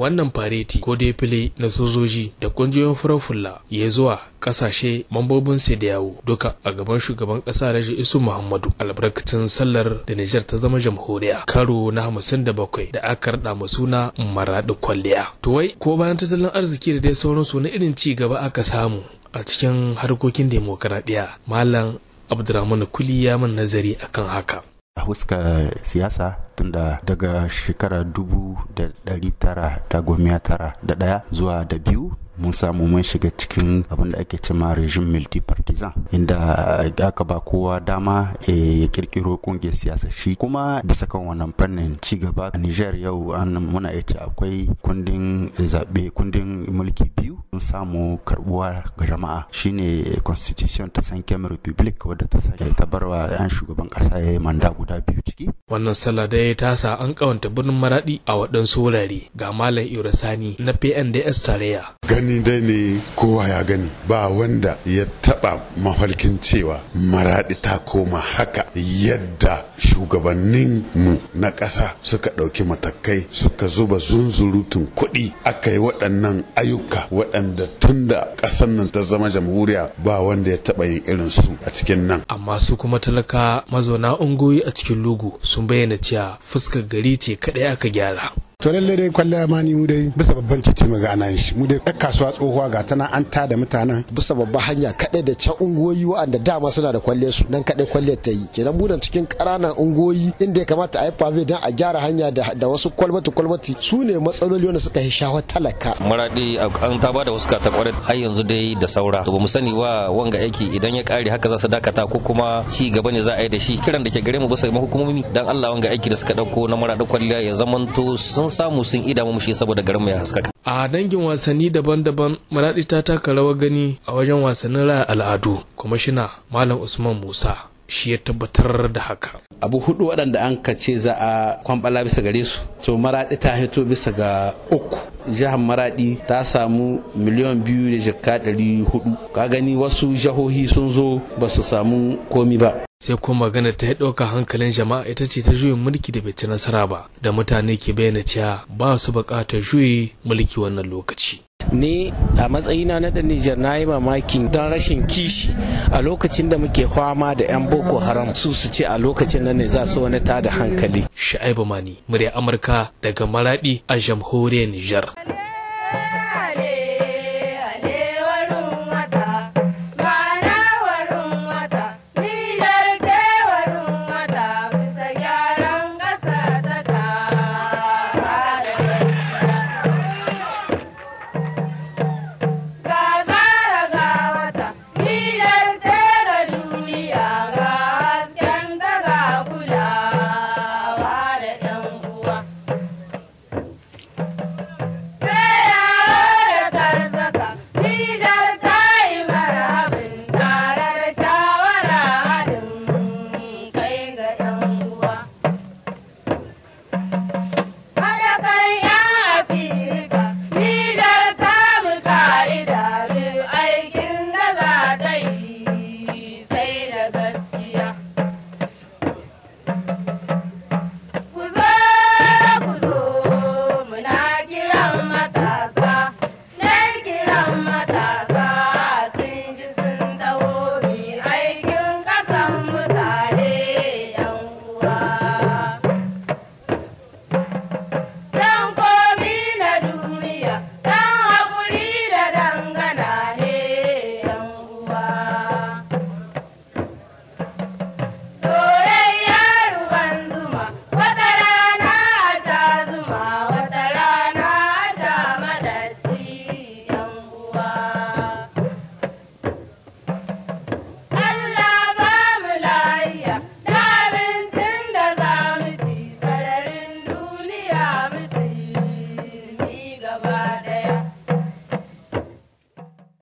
wannan fareti ko dai fili na sojoji da kungiyoyin furar fulla ya zuwa kasashe mambobin sai da yawo duka a gaban shugaban kasa na Isu Muhammadu albarkacin sallar da Nijar ta zama jamhuriya karo na hamsin da bakwai da aka raɗa ma suna maraɗi kwalliya. To wai ko bayan tattalin arziki da dai sauransu na irin ci gaba aka samu a cikin harkokin demokaradiyya Malam Abdurrahman Kuli ya min nazari akan haka. A huska siyasa da daga shekara dubu da dari tara da gomiya tara da ɗaya zuwa da biyu mun samu mun shiga cikin abin da ake cema rejim multipartisan inda aka ba kowa dama eh, ya kirkiro kungiyar siyasa shi kuma bisa kan wannan fannin ci gaba a Niger yau an muna yace akwai kundin zabe kundin mulki biyu sun samu karbuwa ga jama'a shine constitution ta sankem republic wadda ta sake ta barwa yan shugaban kasa ya yi manda guda biyu ciki wannan sallah dai ya tasa an kawanta birnin maradi a waɗansu wurare ga malam Sani na pnds tarayya gani dai ne kowa ya gani ba wanda ya taɓa mafarkin cewa maradi ta koma haka yadda shugabannin mu na ƙasa suka ɗauki matakai suka zuba zunzurutun kuɗi aka yi waɗannan ayyuka waɗanda tun da ƙasar nan ta zama jamhuriya ba wanda ya taɓa yin irin su a cikin nan amma su kuma talaka mazauna ungoyi a cikin lugu sun bayyana cewa fuskar gari ce kaɗai aka gyara to lalle dai kwalliya ma ni mu dai bisa babban titi mu ga ana shi mu dai kasuwa tsohuwa ga tana an ta da mutanen bisa babban hanya kadai da can ungoyi wa'anda dama suna da kwalle su nan kadai kwalle ta yi kenan mu cikin ƙananan ungoyi inda ya kamata a yi pave dan a gyara hanya da wasu kwalbati kwalbati su ne matsaloli wanda suka yi shawar talaka maradi an ta bada wasu katakwarar har yanzu dai da saura to ba mu sani wa wanga aiki idan ya kare haka za su dakata ko kuma ci gaba ne za a yi da shi kiran da ke gare mu bisa mahukumomi dan Allah wanga aiki da suka dauko na maradi kwalliya ya zamanto sun samu sun ida mu shi saboda garin mu ya haskaka a dangin wasanni daban-daban maradi ta taka rawar gani a wajen wasannin raya al'adu shina malam usman musa shi ya tabbatar da haka abu hudu waɗanda an ka ce za a kwamɓala bisa gare su to maraɗi ta hito bisa ga uku jihar maradi ta samu miliyan biyu da jikka ɗari hudu ka gani wasu jihohi sun zo ba su samu komi ba sai kuma magana ta ɗauka hankalin jama'a ita ce ta juyin mulki da bai ci nasara ba da mutane ke bayyana cewa ba su buƙatar juyi mulki wannan lokaci ni a matsayina na da Nijar na yi mamakin don rashin kishi a lokacin da muke fama da 'yan Boko Haram su su ce a lokacin nan ne za su wani tada hankali. Sha'ibu Mani, murya Amurka daga maraɗi a jamhuriyar Nijar.